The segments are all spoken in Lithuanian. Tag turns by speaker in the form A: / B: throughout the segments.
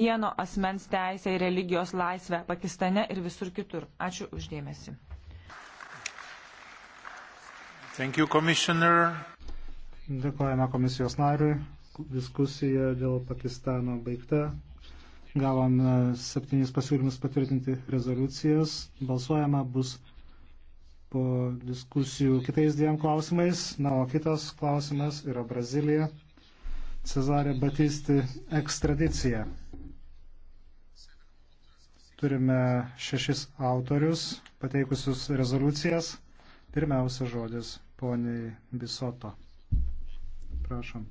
A: vieno asmens teisę į religijos laisvę Pakistane ir visur kitur. Ačiū uždėmesi.
B: Thank you, Dėkojame komisijos nariui. Diskusija dėl Pakistano baigta. Gavome septynis pasiūlymus patvirtinti rezoliucijas. Balsuojama bus po diskusijų kitais dviem klausimais. Na, o kitas klausimas yra Brazilija. Cezarė Batisti ekstradicija. Turime šešis autorius pateikusius rezoliucijas. Pirmiausia žodis poniai Bisoto. Prašom.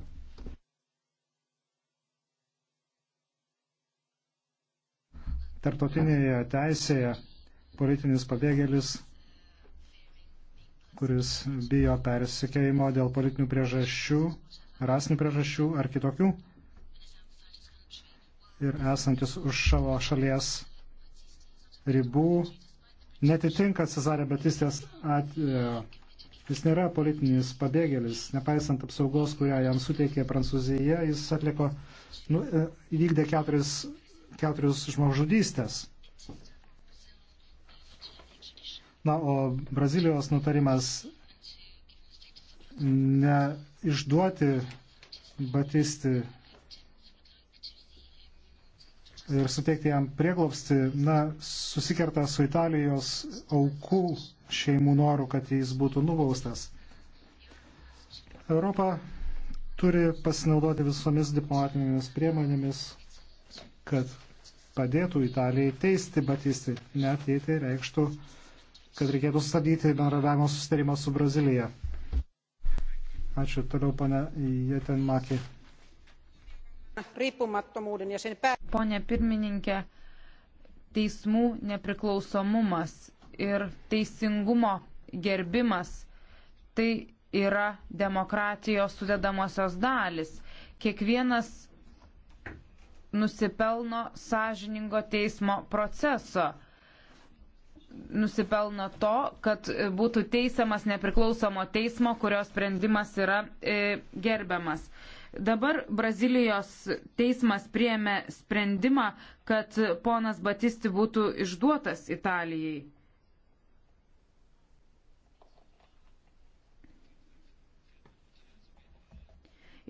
B: Tartotinėje teisėje politinis pabėgėlis, kuris bijo persikėjimo dėl politinių priežasčių, rasinių priežasčių ar kitokių, ir esantis už savo šalies ribų netitinka Cezarė Batistės atvejo. Jis nėra politinis pabėgėlis, nepaisant apsaugos, kurią jam suteikė Prancūzija, jis atliko, nu, e, įvykdė keturis, keturis žmogžudystės. Na, o Brazilijos nutarimas neišduoti Batisti ir suteikti jam prieglopsti, na, susikerta su Italijos aukų šeimų noru, kad jis būtų nubaustas. Europa turi pasinaudoti visomis diplomatinėmis priemonėmis, kad padėtų Italijai teisti Batistį, net jei tai reikštų, kad reikėtų stabdyti bendradavimo susitarimą su Brazilyje. Ačiū toliau, pane Jetenmakė
C: riippumattomuuden ja sen pää... Pone pirmininkė, teismų nepriklausomumas ir teisingumo gerbimas tai yra demokratijos sudedamosios dalis. Kiekvienas nusipelno sąžiningo teismo proceso nusipelno to, kad būtų teisiamas nepriklausomo teismo, kurio sprendimas yra e, gerbiamas. Dabar Brazilijos teismas priėmė sprendimą, kad ponas Batisti būtų išduotas Italijai.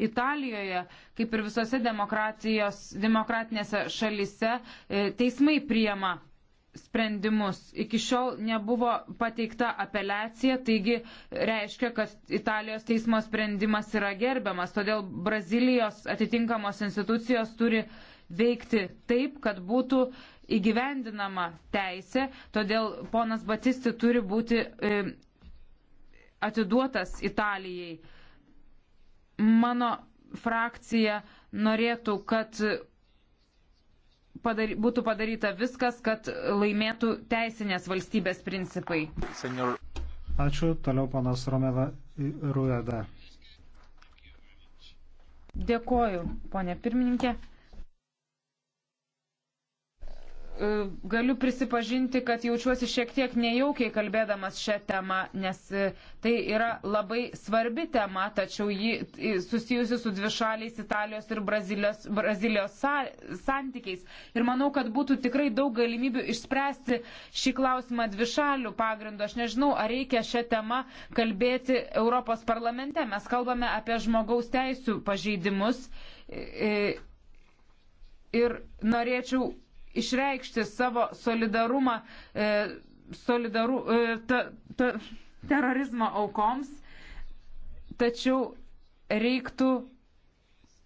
C: Italijoje, kaip ir visose demokratinėse šalise, e, teismai priema sprendimus. Iki šiol nebuvo pateikta apeliacija, taigi reiškia, kad Italijos teismo sprendimas yra gerbiamas. Todėl Brazilijos atitinkamos institucijos turi veikti taip, kad būtų įgyvendinama teisė. Todėl ponas Batisti turi būti e, atiduotas Italijai. Mano frakcija norėtų, kad padary, būtų padaryta viskas, kad laimėtų teisinės valstybės principai. Senior.
B: Ačiū. Toliau panas Romeva Rueda.
C: Dėkoju, ponė pirmininkė. E, galiu prisipažinti, kad jaučiuosi šiek tiek nejaukiai kalbėdamas šią temą, nes e, tai yra labai svarbi tema, tačiau ji e, susijusi su dvišaliais Italijos ir Brazilijos, Brazilijos sa, santykiais. Ir manau, kad būtų tikrai daug galimybių išspręsti šį klausimą dvišalių pagrindų. Aš nežinau, ar reikia šią temą kalbėti Europos parlamente. Mes kalbame apie žmogaus teisų pažeidimus. Ir norėčiau išreikšti savo solidarumą e, solidaru, e, ta, ta, terorizmo aukoms, tačiau reiktų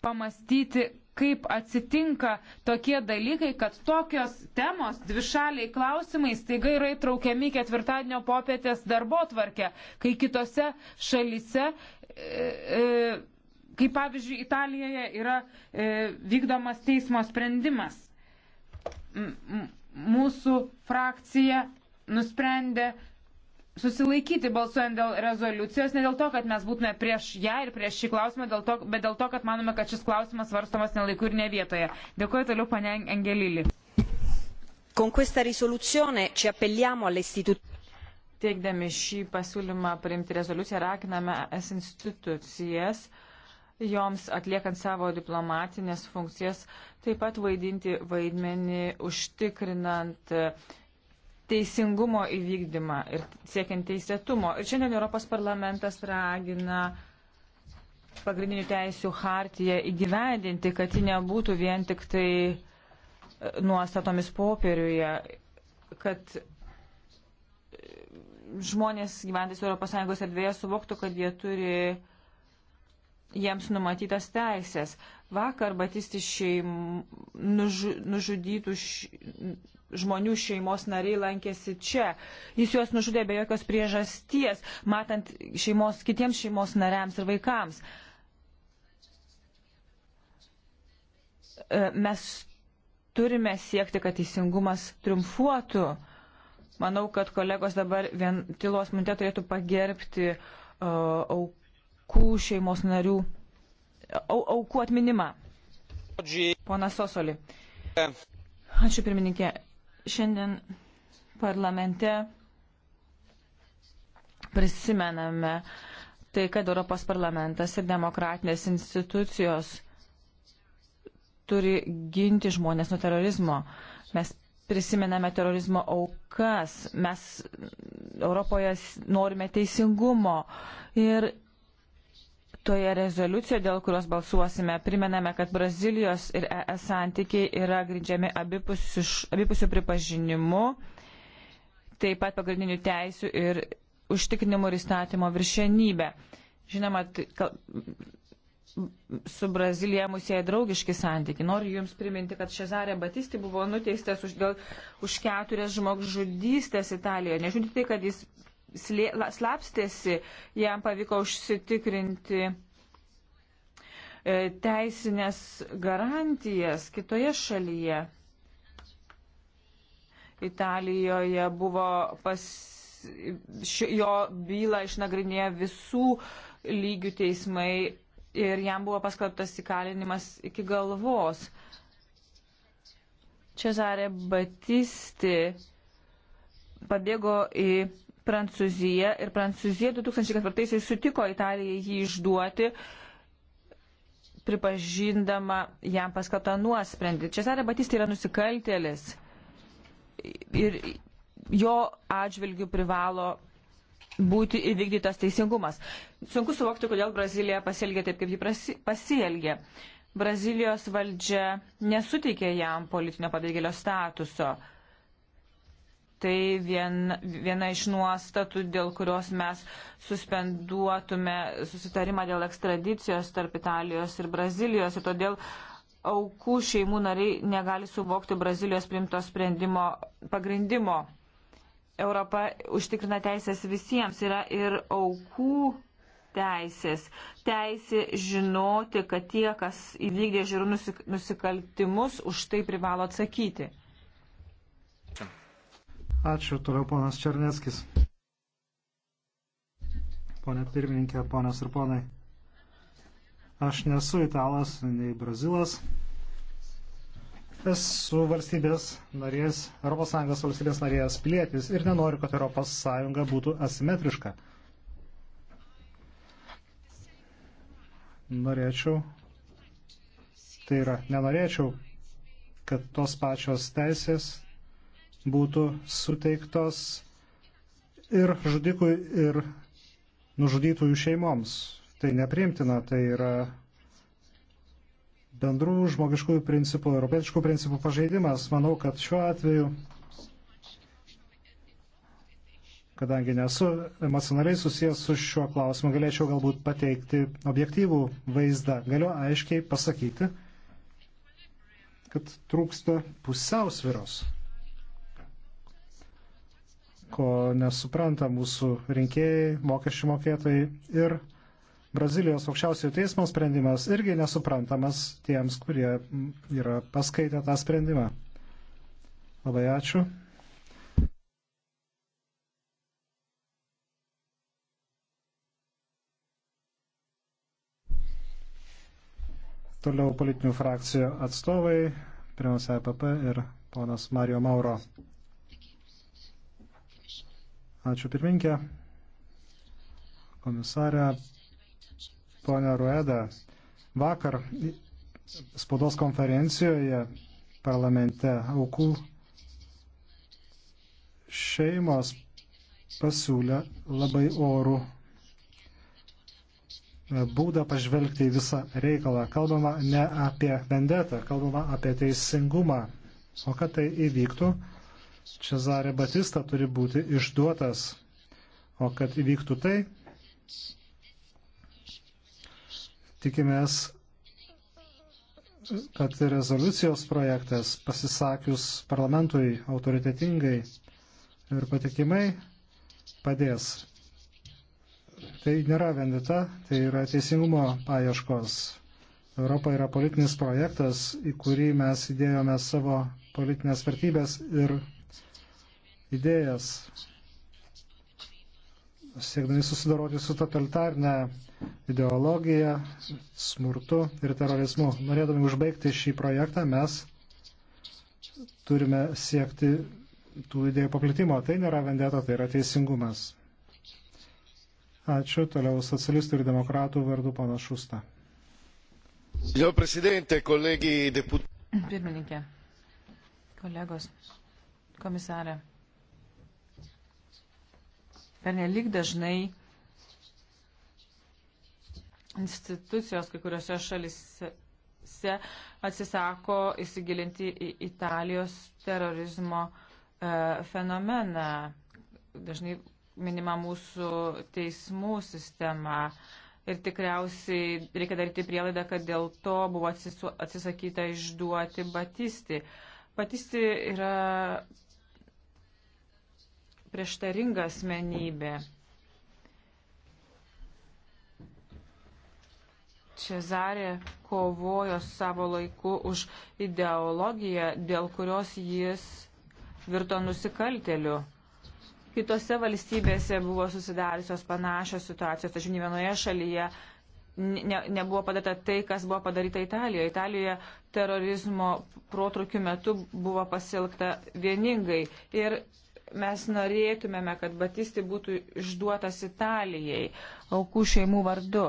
C: pamastyti, kaip atsitinka tokie dalykai, kad tokios temos dvišaliai klausimai staiga yra įtraukiami ketvirtadienio popietės darbo tvarkę, kai kitose šalise, e, e, kaip pavyzdžiui Italijoje, yra e, vykdomas teismo sprendimas mūsų frakcija nusprendė susilaikyti balsuojant dėl rezoliucijos, ne dėl to, kad mes būtume prieš ją ir prieš šį klausimą, dėl to, bet dėl to, kad manome, kad šis klausimas varstomas nelaiku ir ne vietoje. Dėkuoju toliau, pane Angelilį.
A: Con questa risoluzione ci appelliamo alle istituzioni. Teikdami šį pasiūlymą priimti rezoliuciją, rakiname es institucijas uh, joms atliekant savo diplomatinės funkcijas, taip pat vaidinti vaidmenį užtikrinant e, teisingumo įvykdymą ir siekiant teisėtumo. Ir šiandien Europos parlamentas ragina pagrindinių teisių hartiją įgyvendinti, kad ji nebūtų vien tik tai e, nuostatomis popieriuje, kad e, žmonės gyventis Europos Sąjungos erdvėje suvoktų, kad jie turi uh, jiems numatytas teisės. Vakar Batisti šeim, nužu, nužudytų š, žmonių šeimos nariai lankėsi čia. Jis juos nužudė be jokios priežasties, matant šeimos, kitiems šeimos nariams ir vaikams. E, mes turime siekti, kad teisingumas triumfuotų. Manau, kad kolegos dabar vien tylos mintė turėtų pagerbti uh, e, auką aukų šeimos narių, au, aukų atminimą. Pona Sosoli. Ačiū pirmininkė. Šiandien parlamente prisimename tai, kad Europos parlamentas ir demokratinės institucijos turi ginti žmonės nuo terorizmo. Mes prisimename terorizmo aukas, mes Europoje norime teisingumo ir Toje rezoliucijoje, dėl kurios balsuosime, primename, kad Brazilijos ir ES santykiai yra grindžiami abipusiu, abipusiu pripažinimu, taip pat pagrindinių teisių ir užtikrinimu ir įstatymo viršenybę. Žinoma, tai, kal, su Brazilija musėje draugiški santyki. Noriu Jums priminti, kad Šezarė Batisti buvo nuteistas už, dėl, už keturias žmogžudystės Italijoje. Nežiūrint tai, kad jis slapstėsi, jam pavyko užsitikrinti e, teisinės garantijas kitoje šalyje. Italijoje buvo pas, jo bylą išnagrinėję visų lygių teismai ir jam buvo paskelbtas įkalinimas iki galvos. Čezarė Batisti pabėgo į Prancūzija ir Prancūzija 2004 sutiko Italijai jį išduoti, pripažindama jam paskatą nuosprendį. Česarė Batistė yra nusikaltėlis ir jo atžvilgių privalo būti įvykdytas teisingumas. Sunku suvokti, kodėl Brazilija pasielgė taip, kaip ji pasielgė. Brazilijos valdžia nesuteikė jam politinio pabėgėlio statuso tai vien, viena iš nuostatų, dėl kurios mes suspenduotume susitarimą dėl ekstradicijos tarp Italijos ir Brazilijos. Ir todėl aukų šeimų nariai negali suvokti Brazilijos primto sprendimo pagrindimo. Europa užtikrina teisės visiems. Yra ir aukų teisės. Teisė žinoti, kad tie, kas įvykdė žiūrų nusikaltimus, už tai privalo atsakyti.
B: Ačiū, toliau ponas Černeckis. Pone pirmininkė, ponios ir ponai. Aš nesu italas, nei brazilas. Esu valstybės narės, ES valstybės narės pilietis ir nenoriu, kad ES būtų asimetriška. Norėčiau, tai yra, nenorėčiau, kad tos pačios teisės būtų suteiktos ir žudikui, ir nužudytųjų šeimoms. Tai nepriimtina, tai yra bendrų žmogiškųjų principų, europietiškų principų pažeidimas. Manau, kad šiuo atveju, kadangi nesu emocionaliai susijęs su šiuo klausimu, galėčiau galbūt pateikti objektyvų vaizdą. Galiu aiškiai pasakyti, kad trūksta pusiausviros ko nesupranta mūsų rinkėjai, mokesčių mokėtojai ir Brazilijos aukščiausiojo teismo sprendimas irgi nesuprantamas tiems, kurie yra paskaitę tą sprendimą. Labai ačiū. Toliau politinių frakcijų atstovai, pirmiausia, APP e ir ponas Mario Mauro. Ačiū pirminkė. Komisarė ponia Rueda. Vakar spaudos konferencijoje parlamente aukų šeimos pasiūlė labai orų būdą pažvelgti į visą reikalą. Kalbama ne apie vendetą, kalbama apie teisingumą. O kad tai įvyktų, Čezarė Batista turi būti išduotas. O kad įvyktų tai, tikimės, kad rezoliucijos projektas pasisakius parlamentui autoritetingai ir patikimai padės. Tai nėra vendita, tai yra teisingumo paieškos. Europa yra politinis projektas, į kurį mes įdėjome savo politinės vertybės ir idėjas, siekdami susidaroti su totalitarne ideologija, smurtu ir terorizmu. Norėdami užbaigti šį projektą, mes turime siekti tų idėjų paplitimo. Tai nėra vendeta, tai yra teisingumas. Ačiū. Toliau socialistų ir demokratų vardu panašusta. Signor Presidente, kolegi deputati.
A: Pirmininkė, kolegos, komisarė. Pernelik dažnai institucijos kai kuriuose šalise atsisako įsigilinti į Italijos terorizmo e, fenomeną. Dažnai minima mūsų teismų sistema. Ir tikriausiai reikia daryti prielaidą, kad dėl to buvo atsisakyta išduoti Batisti. Batisti yra prieštaringa asmenybė. Čezarė kovojo savo laiku už ideologiją, dėl kurios jis virto nusikalteliu. Kitose valstybėse buvo susidariusios panašios situacijos, tačiau ne vienoje šalyje ne, nebuvo padaryta tai, kas buvo padaryta Italijoje. Italijoje terorizmo protrukių metu buvo pasilgta vieningai ir Mes norėtumėme, kad Batisti būtų išduotas Italijai aukų šeimų vardu,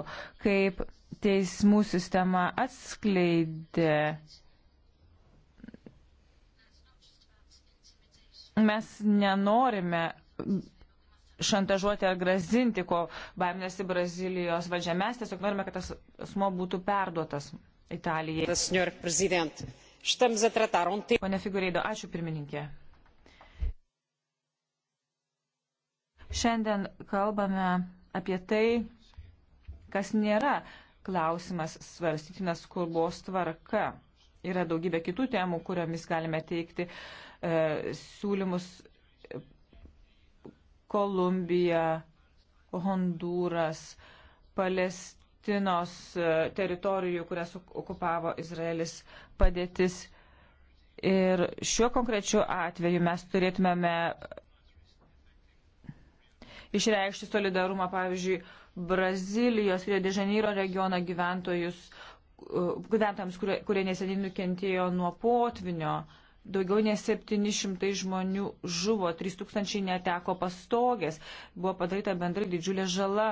A: kaip teismų sistema atskleidė. Mes nenorime šantažuoti ar grazinti, ko baiminasi Brazilijos valdžia. Mes tiesiog norime, kad tas asmo būtų perduotas Italijai. Tai- Pone Figureido, ačiū pirmininkė. Šiandien kalbame apie tai, kas nėra klausimas svarstytinas skubos tvarka. Yra daugybė kitų temų, kuriomis galime teikti e, siūlymus Kolumbija, Honduras, Palestinos e, teritorijų, kurias okupavo Izraelis padėtis. Ir šiuo konkrečiu atveju mes turėtumėme išreikšti solidarumą, pavyzdžiui, Brazilijos, Rio de Janeiro regiono gyventojus, gyventojams, kurie, kurie neseniai nukentėjo nuo potvinio. Daugiau nei 700 žmonių žuvo, 3000 neteko pastogės, buvo padaryta bendrai didžiulė žala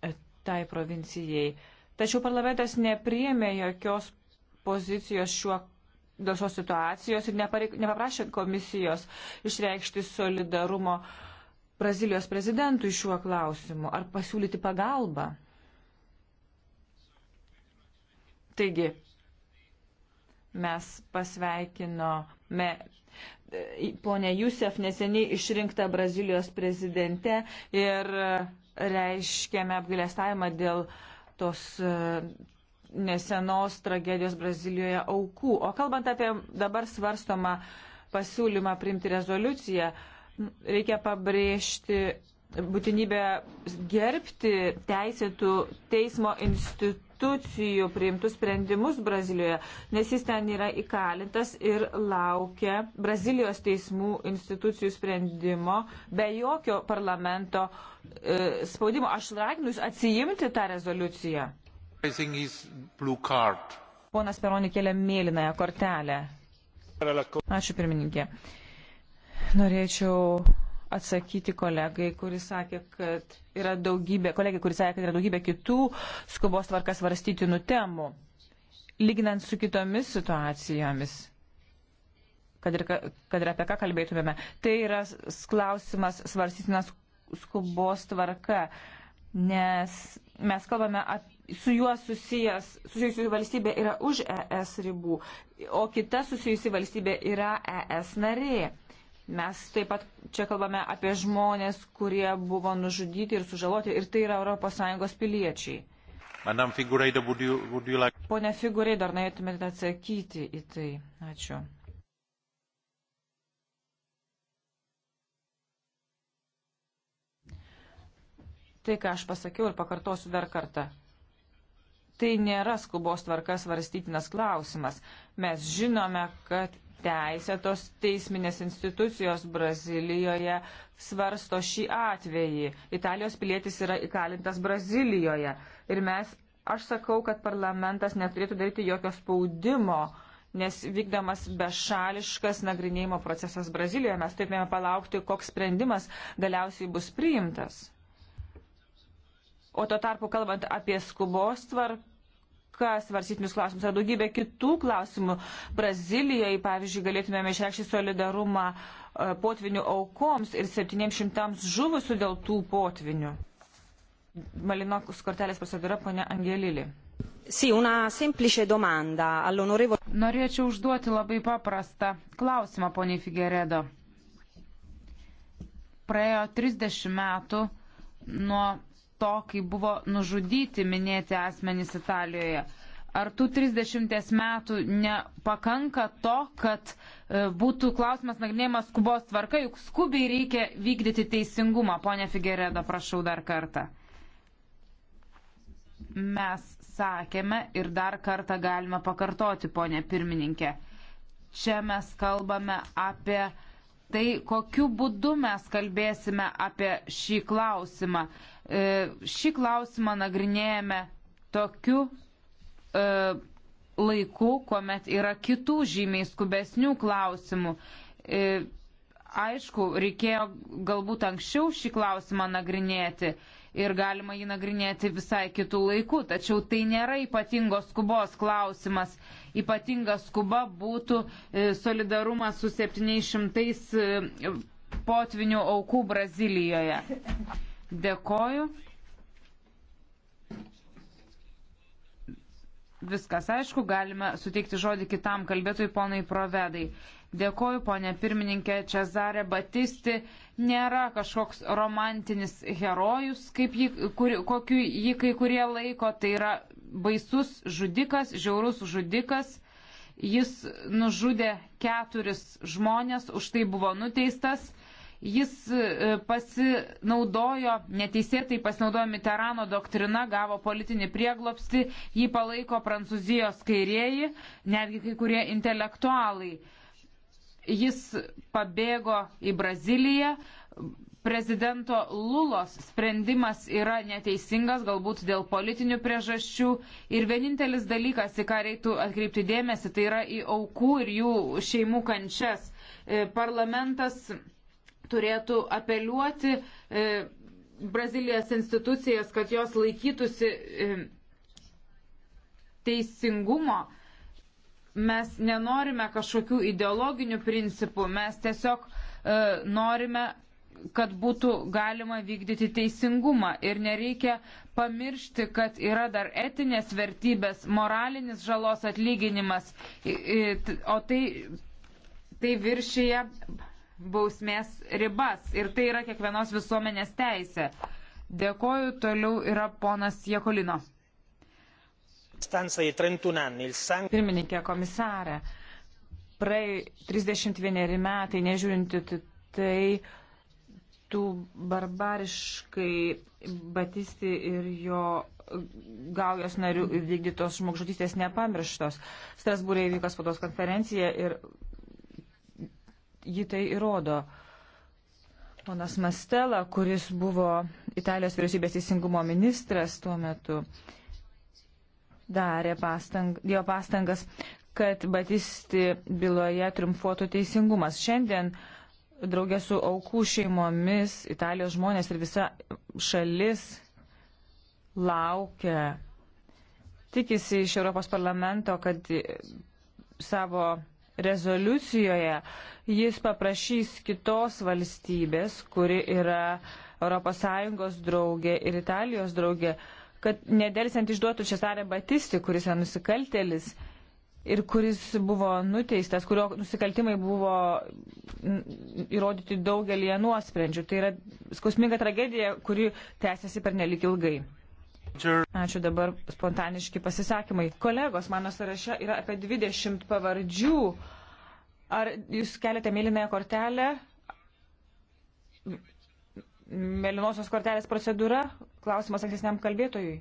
A: e, tai provincijai. Tačiau parlamentas nepriemė jokios pozicijos šiuo dėl šios situacijos ir nepareik, nepaprašė komisijos išreikšti solidarumo uh, Brazilijos prezidentui šiuo klausimu, ar pasiūlyti pagalbą. Taigi, mes pasveikinome e, ponę Jusef neseniai išrinktą Brazilijos prezidentę ir e, reiškėme apgailestavimą dėl tos e, nesenos tragedijos Brazilijoje aukų. O kalbant apie dabar svarstomą pasiūlymą priimti rezoliuciją, reikia pabrėžti būtinybę gerbti teisėtų teismo institucijų priimtus sprendimus Brazilijoje, nes jis ten yra įkalintas ir laukia Brazilijos teismų institucijų sprendimo be jokio parlamento e, spaudimo. Aš raginu jūs atsijimti tą rezoliuciją. Ponas Peronė kėlė mėlynąją kortelę. Ačiū pirmininkė. Norėčiau atsakyti kolegai, kuris sakė, kad yra daugybė, kolegai, kuris sakė, kad yra daugybė kitų skubos tvarkas varstytinų temų, lyginant su kitomis situacijomis, kad ir, kad ir apie ką kalbėtumėme. Tai yra klausimas svarstytinas skubos tvarka, nes mes kalbame apie su juo susijęs, susijusi valstybė yra už ES ribų, o kita susijusi valstybė yra ES narė. Mes taip pat čia kalbame apie žmonės, kurie buvo nužudyti ir sužaloti, ir tai yra ES piliečiai.
B: Figureido, would you, would you like...
A: Pone Figurai, dar norėtumėte atsakyti į tai. Ačiū. Tai, ką aš pasakiau ir pakartosiu dar kartą. Tai nėra skubos tvarkas varstytinas klausimas. Mes žinome, kad teisę, tos teisminės institucijos Brazilijoje svarsto šį atvejį. Italijos pilietis yra įkalintas Brazilijoje. Ir mes, aš sakau, kad parlamentas neturėtų daryti jokio spaudimo, nes vykdamas bešališkas nagrinėjimo procesas Brazilijoje, mes turėtume palaukti, koks sprendimas galiausiai bus priimtas. O tuo tarpu, kalbant apie skubos tvarką, kas varsytinius klausimus, yra daugybė kitų klausimų. Brazilijoje, pavyzdžiui, galėtumėme išreikšti solidarumą e, potvinių aukoms ir 700 žuvusių dėl tų potvinių. Malinokus kortelės procedūra, ponia Angelili.
C: Sì, una semplice domanda all'onorevole. Norėčiau užduoti labai paprastą klausimą, poniai Figeredo. Praėjo 30 metų nuo to, kai buvo nužudyti minėti asmenys Italijoje. Ar tų 30 metų nepakanka to, kad e, būtų klausimas nagrinėjimas skubos tvarka, juk skubiai reikia vykdyti teisingumą. Pone Figeredo, prašau dar kartą. Mes sakėme ir dar kartą galime pakartoti, ponė pirmininkė. Čia mes kalbame apie tai kokiu būdu mes kalbėsime apie šį klausimą. E, šį klausimą nagrinėjame tokiu e, laiku, kuomet yra kitų žymiai skubesnių klausimų. E, aišku, reikėjo galbūt anksčiau šį klausimą nagrinėti ir galima jį nagrinėti visai kitų laikų. Tačiau tai nėra ypatingos skubos klausimas. Ypatinga skuba būtų e, solidarumas su 700 e, potvinių aukų Brazilijoje. Dėkoju. Viskas aišku, galime suteikti žodį kitam kalbėtojui ponai Provedai. Dėkoju, ponė pirmininkė, Čezarė Batisti nėra kažkoks romantinis herojus, jį, kur, kokiu jį kai kurie laiko, tai yra baisus žudikas, žiaurus žudikas. Jis nužudė keturis žmonės, už tai buvo nuteistas jis e, pasinaudojo, neteisėtai pasinaudojo Mitterano doktrina, gavo politinį prieglopstį, jį palaiko prancūzijos kairieji, netgi kai kurie intelektualai. Jis pabėgo į Braziliją. Prezidento Lulos sprendimas yra neteisingas, galbūt dėl politinių priežasčių. Ir vienintelis dalykas, į ką reiktų atkreipti dėmesį, tai yra į aukų ir jų šeimų kančias. E, parlamentas turėtų apeliuoti e, Brazilijos institucijas, kad jos laikytųsi e, teisingumo Mes nenorime kažkokių ideologinių principų, mes tiesiog e, norime kad būtų galima vykdyti teisingumą. Ir nereikia pamiršti, kad yra dar etinės vertybės, moralinis žalos atlyginimas, o tai, tai viršyje bausmės ribas. Ir tai yra kiekvienos visuomenės teisė. Dėkoju, toliau yra ponas Jekolino. Pirmininkė komisarė, praei
A: 31 metai, nežiūrint tai, tų barbariškai Batisti ir jo gaujos narių vykdytos žmogžudystės nepamirštos. Strasbūrė įvyko spados konferencija ir ji tai įrodo. Ponas Mastela, kuris buvo Italijos vyriausybės teisingumo ministras tuo metu, uh, darė pastang, jo pastangas, kad Batisti byloje triumfuotų teisingumas. Šiandien draugė su aukų šeimomis, Italijos žmonės ir visa šalis laukia, tikisi iš Europos parlamento, kad savo rezoliucijoje jis paprašys kitos valstybės, kuri yra ES draugė ir Italijos draugė, kad nedelsiant išduotų Česarę Batisti, kuris yra nusikaltelis ir kuris buvo nuteistas, kurio nusikaltimai buvo įrodyti daugelį nuosprendžių. Tai yra skausminga tragedija, kuri tęsiasi per nelik ilgai. Ačiū dabar spontaniški pasisakymai. Kolegos, mano sąraše yra apie 20 pavardžių. Ar jūs keliate mėlynąją kortelę? Mėlynosios kortelės procedūra? klausimas ankstesniam kalbėtojui.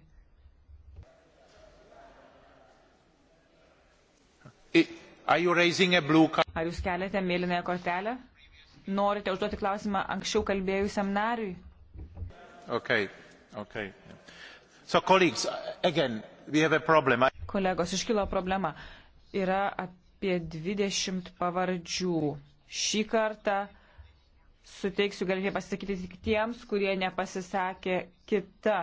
A: Ar jūs keliate mėlynąją kortelę? Norite užduoti klausimą anksčiau kalbėjusiam nariui?
B: Okay. Okay. So, colleagues, again, we have a problem.
A: I... Kolegos, iškilo problema. Yra apie 20 pavardžių. Šį kartą suteiksiu galimybę pasisakyti tik tiems, kurie nepasisakė kita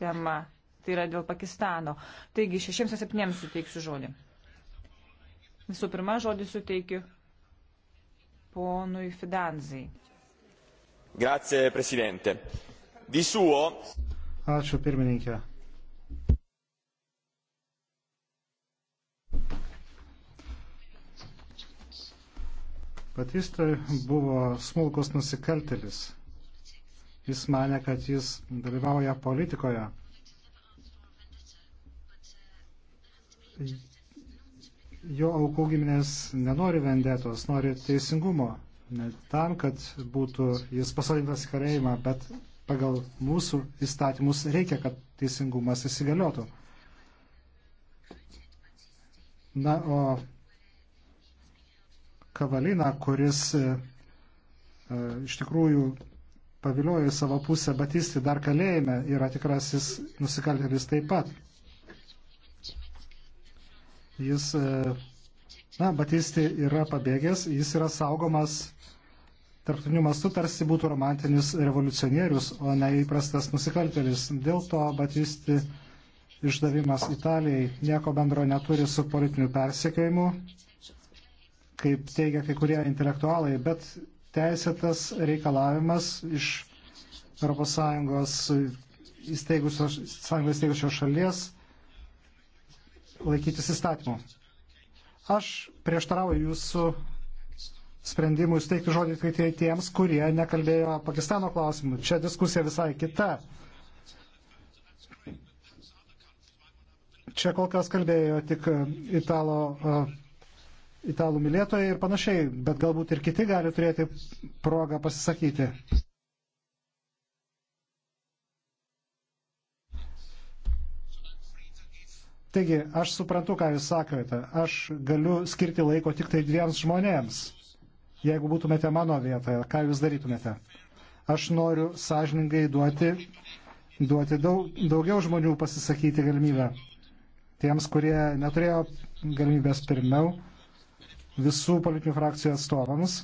A: tema. Tai yra dėl Pakistano. Taigi šešiems ar septyniems suteiksiu žodį. Visų pirma, žodį suteikiu ponui Fidanzai. Grazie, prezidente. Di suo.
B: Ačiū, pirmininkė. Batista buvo smulkus nusikaltelis. Jis mane, kad jis dalyvauja politikoje. Jo aukų giminės nenori vendetos, nori teisingumo. Ne tam, kad būtų jis pasodintas į kareimą, bet pagal mūsų įstatymus reikia, kad teisingumas įsigaliotų. Na, o Kavaliną, kuris e, e, iš tikrųjų paviliojo į savo pusę Batistį dar kalėjime, yra tikrasis nusikaltėlis taip pat. Jis, e, na, Batistį yra pabėgęs, jis yra saugomas tarptautiniu mastu tarsi būtų romantinis revoliucionierius, o ne įprastas nusikaltėlis. Dėl to Batisti išdavimas Italijai nieko bendro neturi su politiniu persekiojimu, kaip teigia kai kurie intelektualai, bet teisėtas reikalavimas iš ES įsteigusios, įsteigusios šalies laikytis įstatymų. Aš prieštarauju jūsų sprendimui suteikti žodį tik tiems, kurie nekalbėjo Pakistano klausimų. Čia diskusija visai kita. Čia kol kas kalbėjo tik uh, italo uh, italų mylėtojai ir panašiai, bet galbūt ir kiti gali turėti progą pasisakyti. Taigi, aš suprantu, ką jūs sakote. Aš galiu skirti laiko tik tai dviems žmonėms. Jeigu būtumėte mano vietoje, ką jūs darytumėte? Aš noriu sąžiningai duoti, duoti daug, daugiau žmonių pasisakyti galimybę. Tiems, kurie neturėjo galimybės pirmiau visų politinių frakcijų atstovams.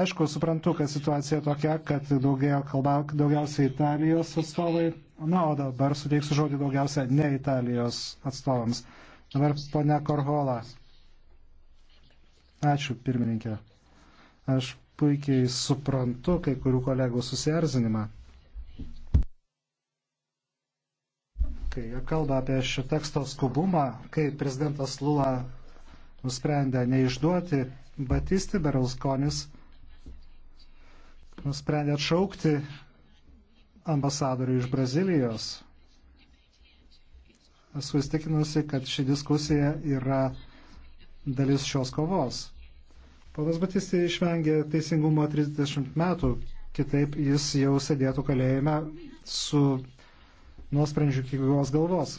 B: Aišku, suprantu, kad situacija tokia, kad daugia kalba, daugiausiai Italijos atstovai. Na, o dabar suteiksiu žodį daugiausia ne Italijos atstovams. Dabar ponia Korhola. Ačiū, pirmininkė. Aš puikiai suprantu kai kurių kolegų susierzinimą. kai jie kalba apie šio teksto skubumą, kai prezidentas Lula nusprendė neišduoti Batisti Berauskonis, nusprendė atšaukti ambasadorių iš Brazilijos. Esu įstikinusi, kad ši diskusija yra dalis šios kovos. Ponas Batisti išvengė teisingumo 30 metų, kitaip jis jau sėdėtų kalėjime su nuosprendžių iki gyvos galvos.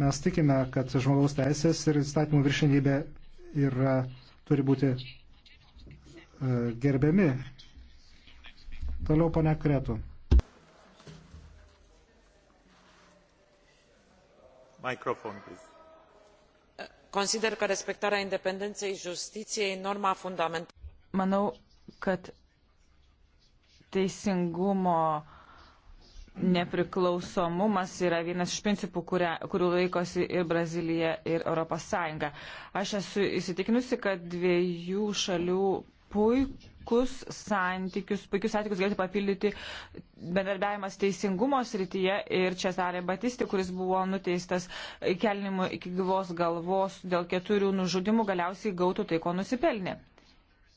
B: Mes tikime, kad žmogaus teisės ir įstatymų viršinybė yra, turi būti uh, gerbiami. Toliau pane Kretų. Microphone, please
C: e, consider că respectarea independenței justiției e norma fundamentală.
A: Manau, kad teisingumo nepriklausomumas yra vienas iš principų, kuria, kurių laikosi ir Brazilija, ir Europos Sąjunga. Aš esu įsitikinusi, kad dviejų šalių puikus santykius, puikius santykius galėtų papildyti bendarbiavimas teisingumo srityje ir Česarė Batisti, kuris buvo nuteistas kelnimu iki gyvos galvos dėl keturių nužudimų, galiausiai gautų tai, ko nusipelnė.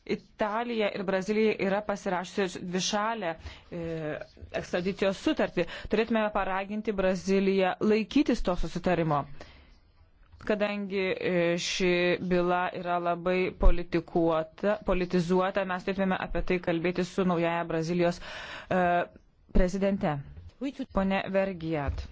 A: Italija ir Brazilija yra pasirašusios dvišalę e, ekstradicijos sutartį. Turėtume paraginti Braziliją laikytis to susitarimo, kadangi e, ši byla yra labai politizuota, mes turėtume apie tai kalbėti su naujaja Brazilijos e, prezidente. Pone Vergijat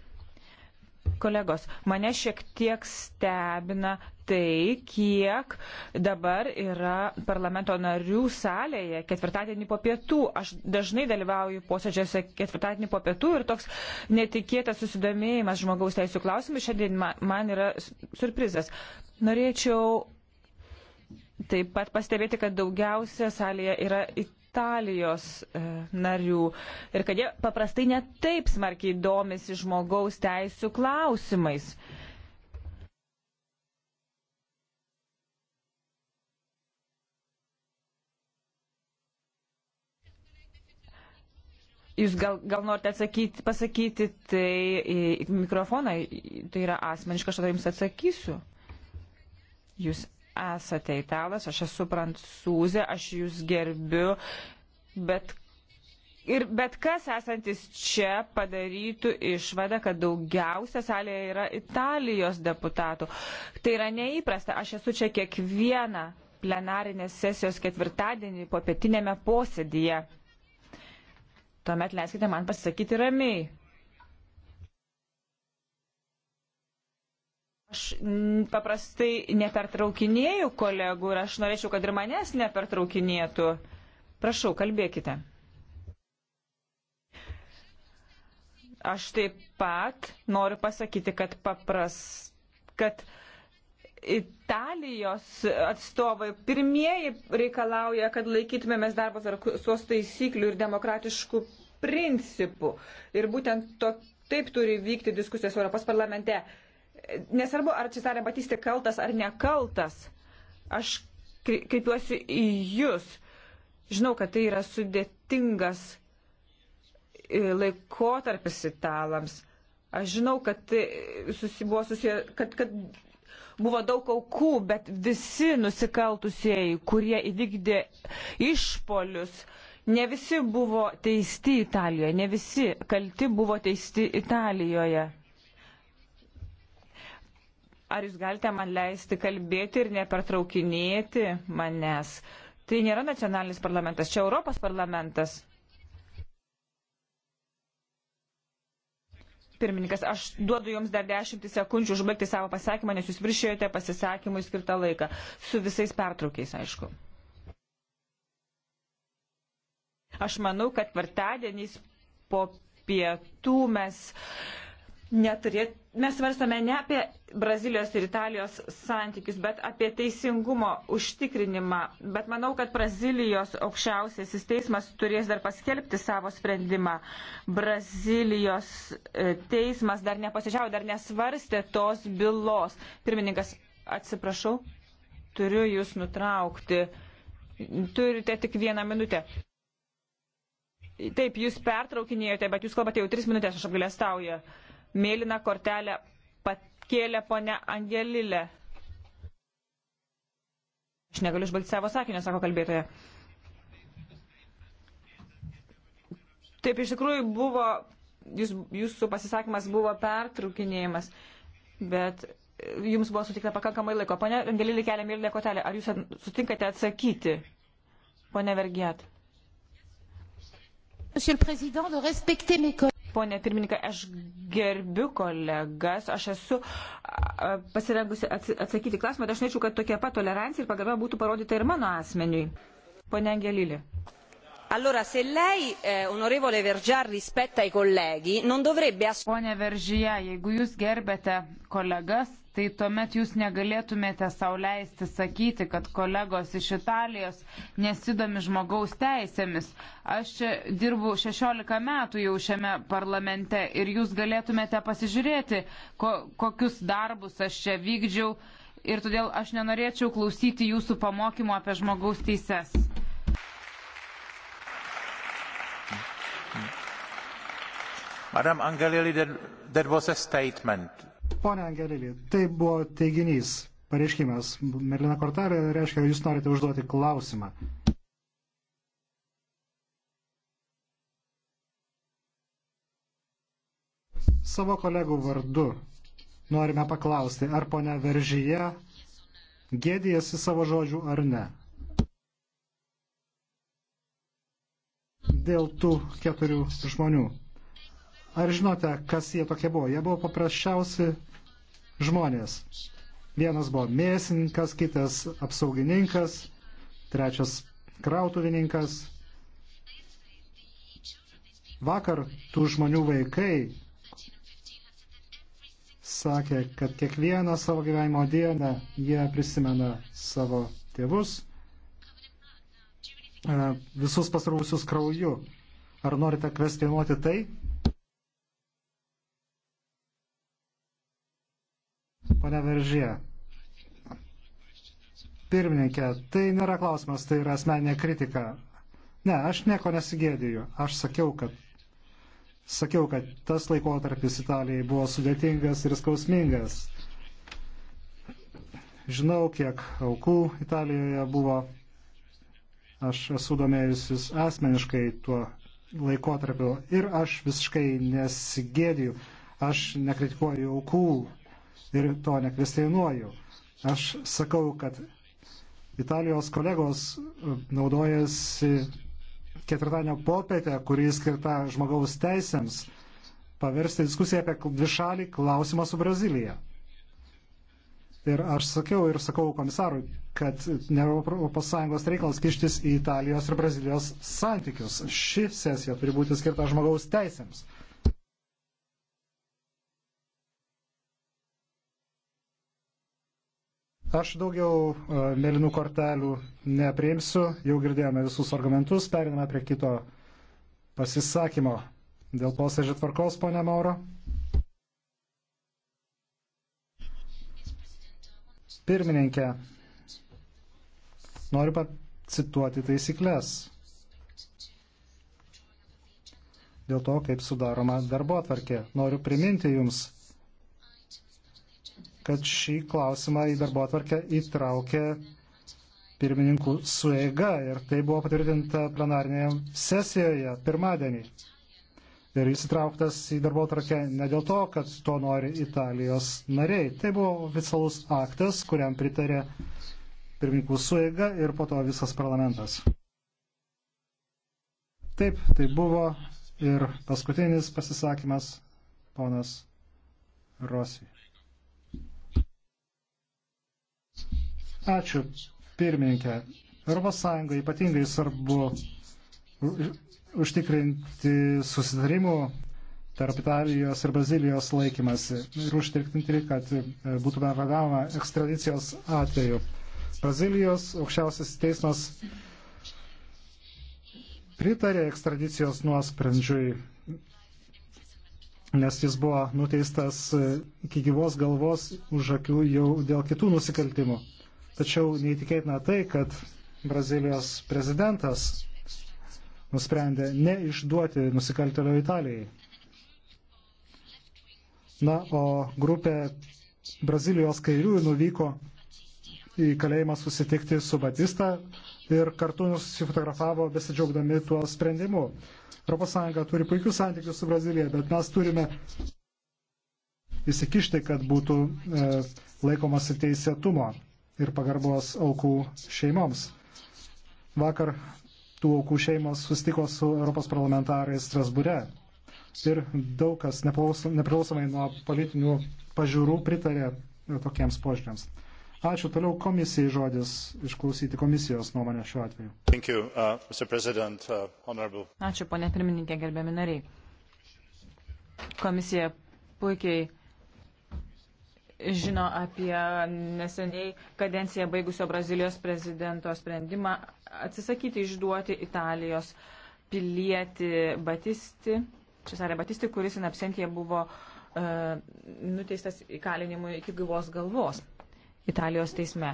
A: kolegos, mane šiek tiek stebina tai, kiek dabar yra parlamento narių salėje ketvirtadienį po pietų. Aš dažnai dalyvauju posėdžiuose ketvirtadienį po pietų ir toks netikėtas susidomėjimas žmogaus teisų klausimų šiandien man yra surprizas. Norėčiau taip pat pastebėti, kad daugiausia salėje yra Italijos e, narių ir kad jie paprastai netaip smarkiai domisi žmogaus teisų klausimais. Uh, Jūs gal, gal norite atsakyti, pasakyti, tai mikrofoną, tai yra asmeniška, aš tada jums atsakysiu. Jūs esate italas, aš esu prancūzė, aš jūs gerbiu, bet, ir, bet kas esantis čia padarytų išvadą, kad daugiausia salėje yra Italijos deputatų. Tai yra neįprasta, aš esu čia kiekvieną plenarinės sesijos ketvirtadienį popietinėme posėdyje. Tuomet leiskite man pasisakyti ramiai. Aš paprastai nepertraukinėjau kolegų ir aš norėčiau, kad ir manęs nepertraukinėtų. Prašau, kalbėkite. Aš taip pat noriu pasakyti, kad papras, kad uh, Italijos atstovai pirmieji reikalauja, kad laikytumėmės darbo tvarkos taisyklių ir demokratiškų principų. Ir būtent to, taip turi vykti diskusijos Europos parlamente. Nesvarbu, ar Cesarė Batistė kaltas ar nekaltas, aš kreipiuosi į Jūs. Žinau, kad tai yra sudėtingas e, laikotarpis italams. Aš žinau, kad, tai susi, susiję, kad, kad Buvo daug aukų, bet visi nusikaltusieji, kurie įvykdė išpolius, ne visi buvo teisti Italijoje, ne visi kalti buvo teisti Italijoje. Ar jūs galite man leisti kalbėti ir nepertraukinėti manęs? Tai nėra nacionalinis parlamentas, čia Europos parlamentas. Pirmininkas, aš duodu Jums dar dešimtį sekundžių užbaigti savo pasakymą, nes Jūs viršėjote pasisakymui skirtą laiką. Su visais pertraukiais, aišku. Aš manau, kad kvartadieniais po pietų mes neturėt, mes svarstame ne apie Brazilijos ir Italijos santykius, bet apie teisingumo užtikrinimą. Bet manau, kad Brazilijos aukščiausiasis teismas turės dar paskelbti savo sprendimą. Brazilijos e, teismas dar nepasižiavo, dar nesvarstė tos bylos. Pirmininkas, atsiprašau, turiu jūs nutraukti. Turite tik vieną minutę. Taip, jūs pertraukinėjote, bet jūs kalbate jau tris minutės, aš apgalėstauju. Mėlyną kortelę pakėlė ponia Angelilė. Aš negaliu išbaigti savo sakinio, sako kalbėtoja. Taip, iš tikrųjų buvo, jūs, jūsų pasisakymas buvo pertraukinėjimas, bet jums buvo sutikta pakankamai laiko. Pone Angelilė kelia mėlynę kotelę, ar jūs sutinkate atsakyti? Pone Vergiat. Monsieur le Président, de respecter mes collègues. Pone pirmininkai, aš gerbiu kolegas, aš esu pasirengusi atsakyti klausimą, bet aš norėčiau, kad tokia pat tolerancija ir pagarba būtų parodyta ir mano asmeniui. Pone Angelilį.
C: Allora, se lei, eh, onorevole Vergia, rispetta i colleghi, non dovrebbe assolutamente. Pone Vergia, jeigu jūs gerbėte kolegas, tai tuomet jūs negalėtumėte sauliaisti sakyti, kad kolegos iš Italijos nesidomi žmogaus teisėmis. Aš čia dirbu 16 metų jau šiame parlamente ir jūs galėtumėte pasižiūrėti, ko, kokius darbus aš čia vykdžiau ir todėl aš nenorėčiau klausyti jūsų pamokymo apie žmogaus teises.
B: Madam Angelili, that, that was a statement. Pone Angelėlį, tai buvo teiginys, pareiškimas. Merlina kortelė reiškia, jūs norite užduoti klausimą. Savo kolegų vardu norime paklausti, ar ponia Veržyje gėdijasi savo žodžių ar ne. Dėl tų keturių žmonių. Ar žinote, kas jie tokie buvo? Jie buvo paprasčiausi žmonės. Vienas buvo mėsininkas, kitas apsaugininkas, trečias krautuvininkas. Vakar tų žmonių vaikai sakė, kad kiekvieną savo gyvenimo dieną jie prisimena savo tėvus, e, visus pasirausius krauju. Ar norite kvestionuoti tai? Pane Veržė. Pirmininkė, tai nėra klausimas, tai yra asmeninė kritika. Ne, aš nieko nesigėdiju. Aš sakiau, kad, sakiau, kad tas laikotarpis Italijai buvo sudėtingas ir skausmingas. Žinau, kiek aukų Italijoje buvo. Aš esu domėjusis asmeniškai tuo laikotarpiu ir aš visiškai nesigėdiju. Aš nekritikuoju aukų ir to nekvestionuoju. Aš sakau, kad Italijos kolegos e, naudojasi ketvirtadienio popietę, kuri skirta žmogaus teisėms, paversti diskusiją apie dvišalį klausimą su Brazilija. Ir aš sakiau ir sakau komisarui, kad ne ES reikalas kištis į Italijos ir Brazilijos santykius. Ši sesija turi būti skirta žmogaus teisėms. Aš daugiau mėlynų e, kortelių nepriimsiu, jau girdėjome visus argumentus, periname prie kito pasisakymo. Dėl posėdžio tvarkos, ponia Mauro. Pirmininkė, noriu pacituoti taisyklės dėl to, kaip sudaroma darbo atvarkė. Noriu priminti jums kad šį klausimą į darbo atvarkę įtraukė pirmininkų sueiga ir tai buvo patvirtinta plenarnėje sesijoje pirmadienį. Ir jis įtrauktas į darbo atvarkę ne dėl to, kad to nori Italijos nariai. Tai buvo oficialus aktas, kuriam pritarė pirmininkų sueiga ir po to visas parlamentas. Taip, tai buvo ir paskutinis pasisakymas ponas Rosi. Ačiū, pirmininkė. ES ypatingai svarbu užtikrinti susitarimų tarp Italijos ir Brazilijos laikymasi ir užtikrinti, kad būtų bendradavama ekstradicijos atveju. Brazilijos aukščiausias teismas pritarė ekstradicijos nuosprendžiui, nes jis buvo nuteistas iki gyvos galvos už akių jau dėl kitų nusikaltimų. Tačiau neįtikėtina tai, kad Brazilijos prezidentas nusprendė neišduoti nusikaltelio Italijai. Na, o grupė Brazilijos kairiųjų nuvyko į kalėjimą susitikti su Batista ir kartu nusifotografavo besidžiaugdami tuo sprendimu. ES turi puikius santykius su Brazilija, bet mes turime įsikišti, kad būtų e, laikomasi teisėtumo ir pagarbos aukų šeimoms. Vakar tų aukų šeimos sustiko su Europos parlamentarais Strasbūre. Ir daug kas nepriklausomai nuo politinių pažiūrų pritarė tokiems požiūrėms. Ačiū. Toliau komisijai žodis išklausyti komisijos nuomonę šiuo atveju. You, uh, uh,
A: Ačiū, ponė pirmininkė, gerbiami nariai. Komisija puikiai žino apie neseniai kadenciją baigusio Brazilijos prezidento sprendimą atsisakyti išduoti Italijos pilietį Batisti, Česarė Batisti, kuris in absentija buvo e, nuteistas įkalinimu iki gyvos galvos Italijos teisme.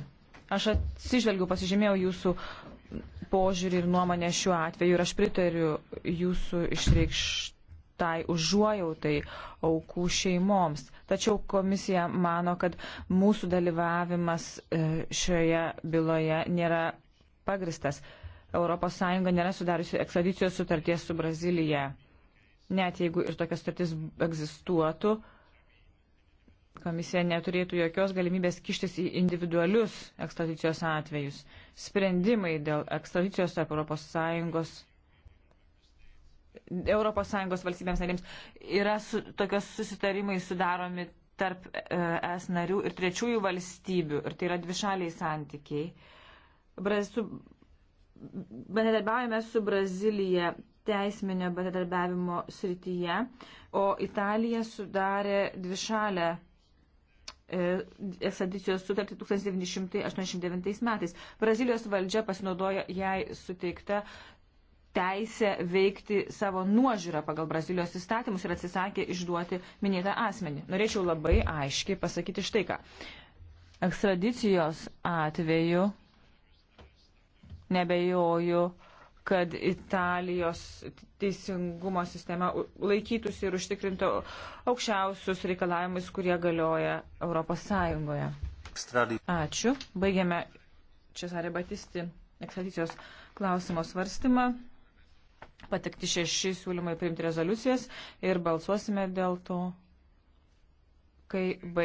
A: Aš atsižvelgiu, pasižymėjau jūsų požiūrį ir nuomonę šiuo atveju ir aš pritariu jūsų išreikštą tai užuojautai aukų šeimoms. Tačiau komisija mano, kad mūsų dalyvavimas e, šioje byloje nėra pagristas. ES nėra sudariusi ekstradicijos sutarties su Brazilyje. Net jeigu ir tokia sutartis egzistuotų, komisija neturėtų jokios galimybės kištis į individualius ekstradicijos atvejus. Sprendimai dėl ekstradicijos tarp ES ES valstybėms narėms yra su, tokios susitarimai sudaromi tarp e, ES narių ir trečiųjų valstybių, ir tai yra dvišaliai santykiai. Bendradarbiaujame su Brazilija teisminio bendradarbiavimo srityje, o Italija sudarė dvišalę e, ekstradicijos sutartį 1989 metais. Brazilijos valdžia pasinaudojo jai suteikta teisę veikti savo nuožiūrą pagal Brazilijos įstatymus ir atsisakė išduoti minėtą asmenį. Norėčiau labai aiškiai pasakyti štai ką. Ekstradicijos atveju nebejoju, kad Italijos teisingumo sistema laikytųsi ir užtikrintų aukščiausius reikalavimus, kurie galioja Europos Sąjungoje. Ačiū. Baigiame Česarė Batisti ekstradicijos klausimo svarstymą patekti šeši siūlymai priimti rezoliucijas ir balsuosime dėl to, kai baigėme.